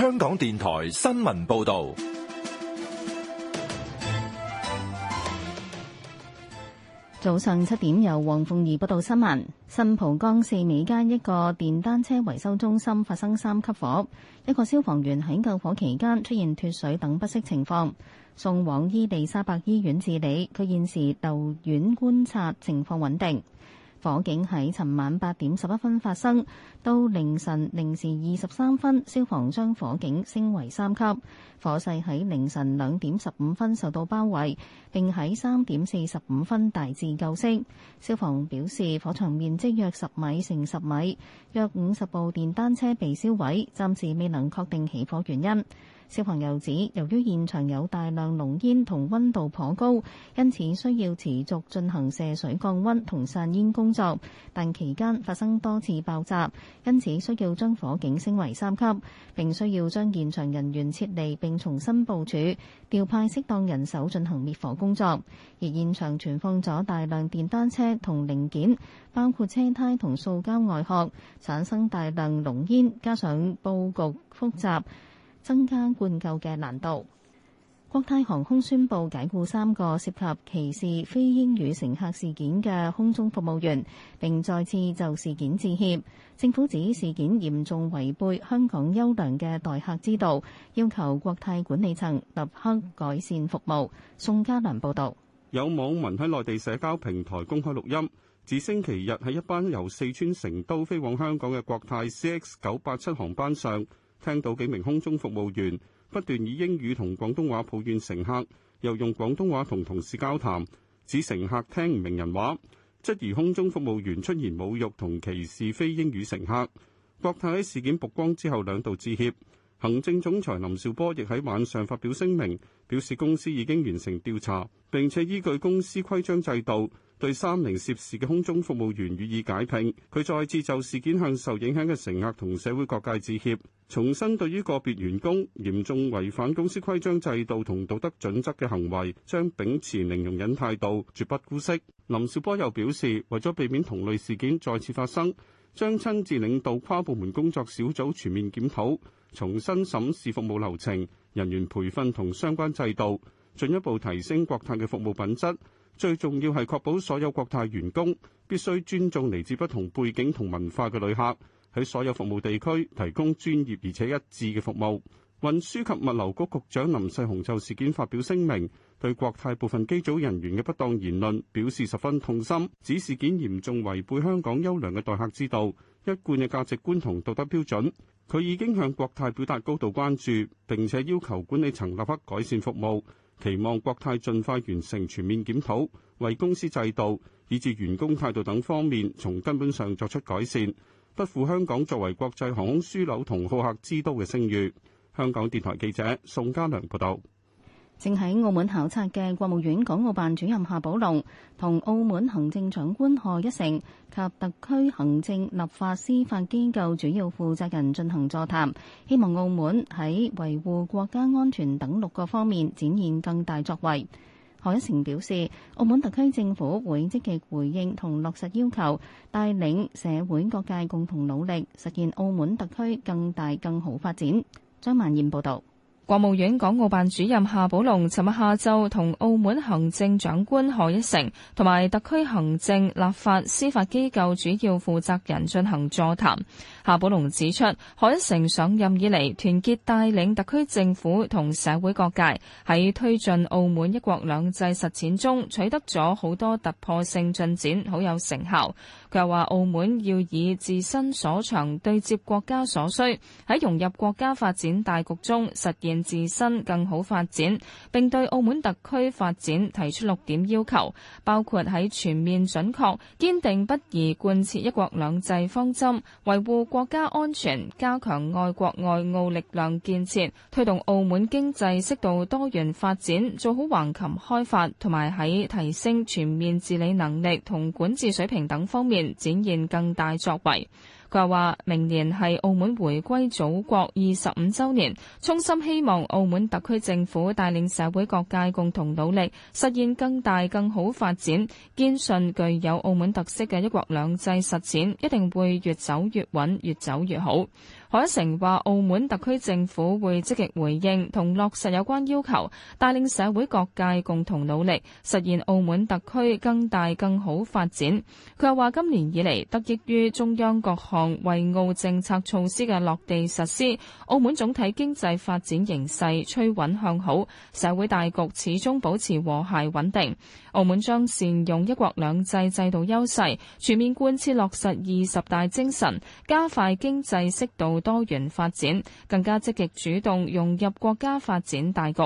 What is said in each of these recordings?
香港電台新聞報道，早上七點由黃鳳儀報道新聞。新蒲崗四美街一個電單車維修中心發生三級火，一個消防員喺救火期間出現脫水等不適情況，送往伊利沙伯醫院治理。佢現時留院觀察，情況穩定。火警喺尋晚八點十一分發生，到凌晨零時二十三分，消防將火警升為三級。火勢喺凌晨兩點十五分受到包圍，並喺三點四十五分大致救熄。消防表示，火場面積約十米乘十米，約五十部電單車被燒毀，暫時未能確定起火原因。小朋友指，由於現場有大量濃煙同溫度頗高，因此需要持續進行射水降温同散煙工作。但期間發生多次爆炸，因此需要將火警升為三級，並需要將現場人員撤離並重新部署，調派適當人手進行滅火工作。而現場存放咗大量電單車同零件，包括車胎同塑膠外殼，產生大量濃煙，加上佈局複雜。增加灌救嘅難度。國泰航空宣佈解僱三個涉及歧視非英語乘客事件嘅空中服務員，並再次就事件致歉。政府指事件嚴重違背香港優良嘅待客之道，要求國泰管理層立刻改善服務。宋嘉良報道。有網民喺內地社交平台公開錄音，指星期日喺一班由四川成都飛往香港嘅國泰 CX 九八七航班上。聽到幾名空中服務員不斷以英語同廣東話抱怨乘客，又用廣東話同同事交談，指乘客聽唔明人話，質疑空中服務員出現侮辱同歧視非英語乘客。國泰喺事件曝光之後兩度致歉，行政總裁林兆波亦喺晚上發表聲明，表示公司已經完成調查，並且依據公司規章制度。對三名涉事嘅空中服務員予以解聘。佢再次就事件向受影響嘅乘客同社會各界致歉，重申對於個別員工嚴重違反公司規章制度同道德準則嘅行為，將秉持零容忍態度，絕不姑息。林紹波又表示，為咗避免同類事件再次發生，將親自領導跨部門工作小組全面檢討，重新審視服務流程、人員培訓同相關制度，進一步提升國泰嘅服務品質。最重要係確保所有國泰員工必須尊重嚟自不同背景同文化嘅旅客，喺所有服務地區提供專業而且一致嘅服務。運輸及物流局局長林世雄就事件發表聲明，對國泰部分機組人員嘅不當言論表示十分痛心，指事件嚴重違背香港優良嘅待客之道、一貫嘅價值觀同道德標準。佢已經向國泰表達高度關注，並且要求管理層立刻改善服務。期望國泰盡快完成全面檢討，為公司制度以至員工態度等方面從根本上作出改善，不負香港作為國際航空樞紐同好客之都嘅聲譽。香港電台記者宋家良報道。正喺澳門考察嘅國務院港澳辦主任夏寶龍同澳門行政長官賀一誠及特區行政立法司法機構主要負責人進行座談，希望澳門喺維護國家安全等六個方面展現更大作為。賀一誠表示，澳門特區政府會積極回應同落實要求，帶領社會各界共同努力，實現澳門特區更大更好發展。張曼燕報導。國務院港澳辦主任夏寶龍尋日下晝同澳門行政長官賀一誠同埋特區行政、立法、司法機構主要負責人進行座談。夏寶龍指出，賀一誠上任以嚟團結帶領特區政府同社會各界喺推進澳門一國兩制實踐中取得咗好多突破性進展，好有成效。佢又話，澳門要以自身所長對接國家所需，喺融入國家發展大局中實現自身更好發展，並對澳門特區發展提出六點要求，包括喺全面準確，堅定不移貫徹一國兩制方針，維護國家安全，加強愛國愛澳力量建設，推動澳門經濟適度多元發展，做好橫琴開發，同埋喺提升全面治理能力同管治水平等方面，展現更大作為。佢話，明年係澳門回歸祖國二十五週年，衷心希望澳門特區政府帶領社會各界共同努力，實現更大更好發展，堅信具有澳門特色嘅一國兩制實踐一定會越走越穩，越走越好。賀一誠話，澳門特區政府會積極回應同落實有關要求，帶領社會各界共同努力，實現澳門特區更大更好發展。佢又話，今年以嚟得益於中央各項惠澳政策措施嘅落地實施，澳門總體經濟發展形勢趨穩向好，社會大局始終保持和諧穩定。澳門將善用一國兩制制度優勢，全面貫徹落實二十大精神，加快經濟適度。多元發展，更加積極主動融入國家發展大局。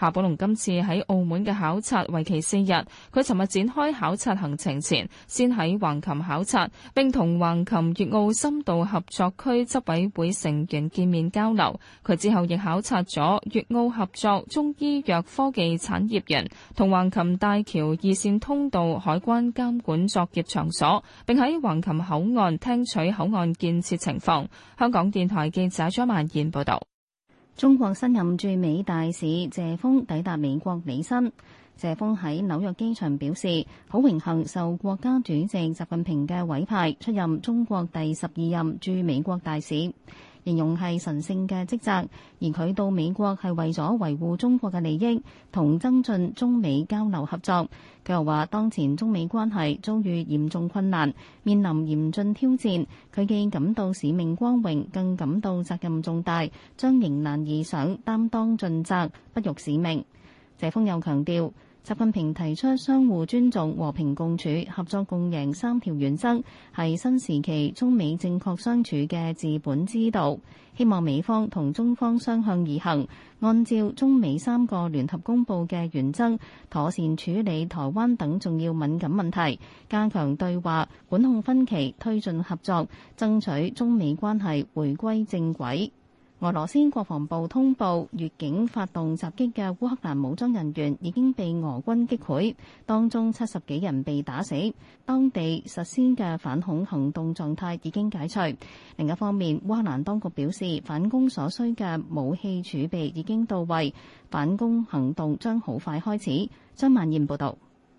夏寶龍今次喺澳門嘅考察為期四日，佢尋日展開考察行程前，先喺橫琴考察，並同橫琴粵澳深度合作區執委會成員見面交流。佢之後亦考察咗粵澳合作中醫藥科技產業園、同橫琴大橋二線通道海關監管作業場所，並喺橫琴口岸聽取口岸建設情況。香港。電台記者張萬燕報道：中國新任駐美大使謝鋒抵達美國履新。謝鋒喺紐約機場表示，好榮幸受國家主席習近平嘅委派，出任中國第十二任駐美國大使。形容係神聖嘅職責，而佢到美國係為咗維護中國嘅利益同增進中美交流合作。佢又話，當前中美關係遭遇嚴重困難，面臨嚴峻挑戰。佢既感到使命光榮，更感到責任重大，將迎難而上，擔當盡責，不辱使命。謝鋒又強調。習近平提出相互尊重、和平共處、合作共贏三條原則，係新時期中美正確相處嘅治本之道。希望美方同中方相向而行，按照中美三個聯合公布嘅原則，妥善處理台灣等重要敏感問題，加強對話，管控分歧，推進合作，爭取中美關係回歸正軌。俄羅斯國防部通報，越境發動襲擊嘅烏克蘭武裝人員已經被俄軍擊潰，當中七十幾人被打死。當地實施嘅反恐行動狀態已經解除。另一方面，烏克蘭當局表示，反攻所需嘅武器儲備已經到位，反攻行動將好快開始。張萬燕報導。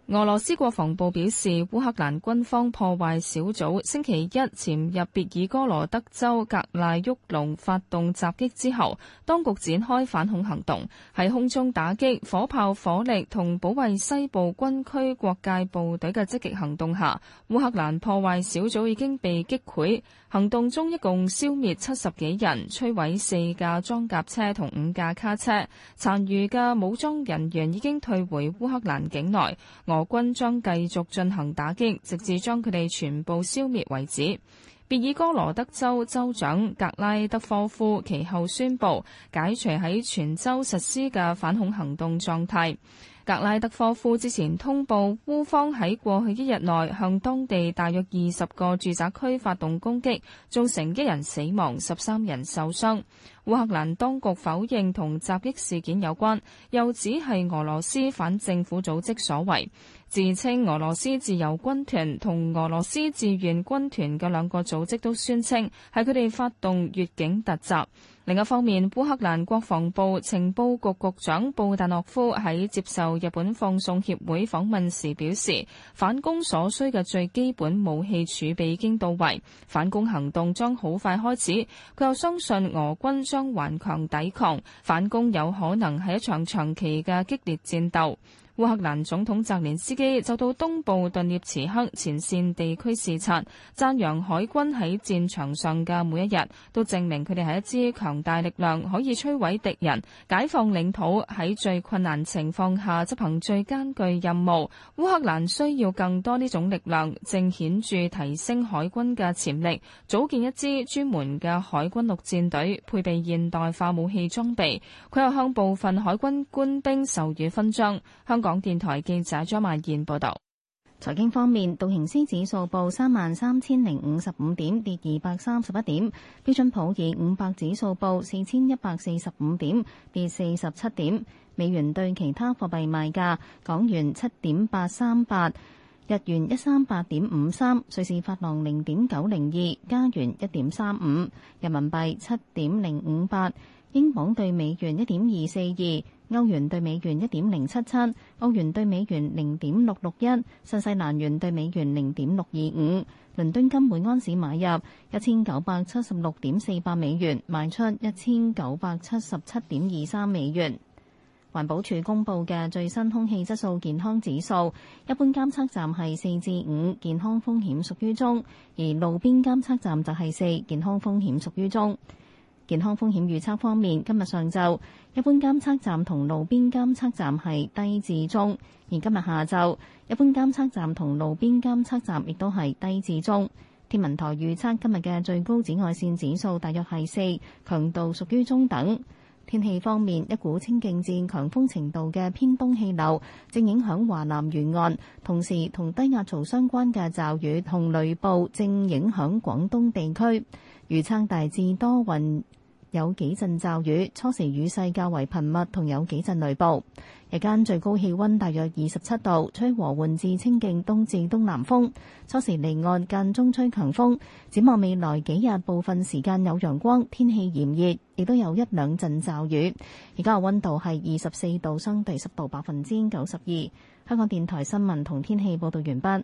俄羅斯國防部表示，烏克蘭軍方破壞小組星期一潛入別爾哥羅德州格賴沃龍發動襲擊之後，當局展開反恐行動，喺空中打擊、火炮火力同保衛西部軍區國界部隊嘅積極行動下，烏克蘭破壞小組已經被擊潰。行動中一共消滅七十幾人，摧毀四架裝甲車同五架卡車，殘餘嘅武裝人員已經退回烏克蘭境內。俄軍將繼續進行打擊，直至將佢哋全部消滅為止。別爾哥羅德州州長格拉德科夫其後宣佈解除喺全州實施嘅反恐行動狀態。格拉德科夫之前通報烏方喺過去一日內向當地大約二十個住宅區發動攻擊，造成一人死亡，十三人受傷。烏克蘭當局否認同襲擊事件有關，又指係俄羅斯反政府組織所為。自稱俄羅斯自由軍團同俄羅斯自願軍團嘅兩個組織都宣稱係佢哋發動越境突襲。另一方面，烏克蘭國防部情報局局長布達諾夫喺接受日本放送協會訪問時表示，反攻所需嘅最基本武器儲備已經到位，反攻行動將好快開始。佢又相信俄軍將頑強抵抗，反攻有可能係一場長期嘅激烈戰鬥。烏克蘭總統澤連斯基就到東部頓涅茨克前線地區視察，讚揚海軍喺戰場上嘅每一日都證明佢哋係一支強大力量，可以摧毀敵人、解放領土。喺最困難情況下執行最艱鉅任務，烏克蘭需要更多呢種力量，正顯著提升海軍嘅潛力，組建一支專門嘅海軍陸戰隊，配備現代化武器裝備。佢又向部分海軍官兵授予勳章，向香港電台記者張曼燕報道：財經方面，道瓊斯指數報三萬三千零五十五點，跌二百三十一點；標準普爾五百指數報四千一百四十五點，跌四十七點。美元兌其他貨幣賣價：港元七點八三八，日元一三八點五三，瑞士法郎零點九零二，加元一點三五，人民幣七點零五八，英鎊兌美元一點二四二。歐元對美元一點零七七，澳元對美元零點六六一，新西蘭元對美元零點六二五。倫敦金每安士買入一千九百七十六點四八美元，賣出一千九百七十七點二三美元。環保署公布嘅最新空氣質素健康指數，一般監測站係四至五，健康風險屬於中；而路邊監測站就係四，健康風險屬於中。健康風險預測方面，今日上晝一般監測站同路邊監測站係低至中。而今日下晝一般監測站同路邊監測站亦都係低至中。天文台預測今日嘅最高紫外線指數大約係四，強度屬於中等。天氣方面，一股清勁戰強風程度嘅偏東氣流正影響華南沿岸，同時同低壓槽相關嘅驟雨同雷暴正影響廣東地區。預測大致多雲，有幾陣驟雨，初時雨勢較為頻密，同有幾陣雷暴。日間最高氣溫大約二十七度，吹和緩至清勁東至東南風。初時離岸間中吹強風。展望未來幾日，部分時間有陽光，天氣炎熱，亦都有一兩陣驟雨。而家嘅溫度係二十四度，相對濕度百分之九十二。香港電台新聞同天氣報道完畢。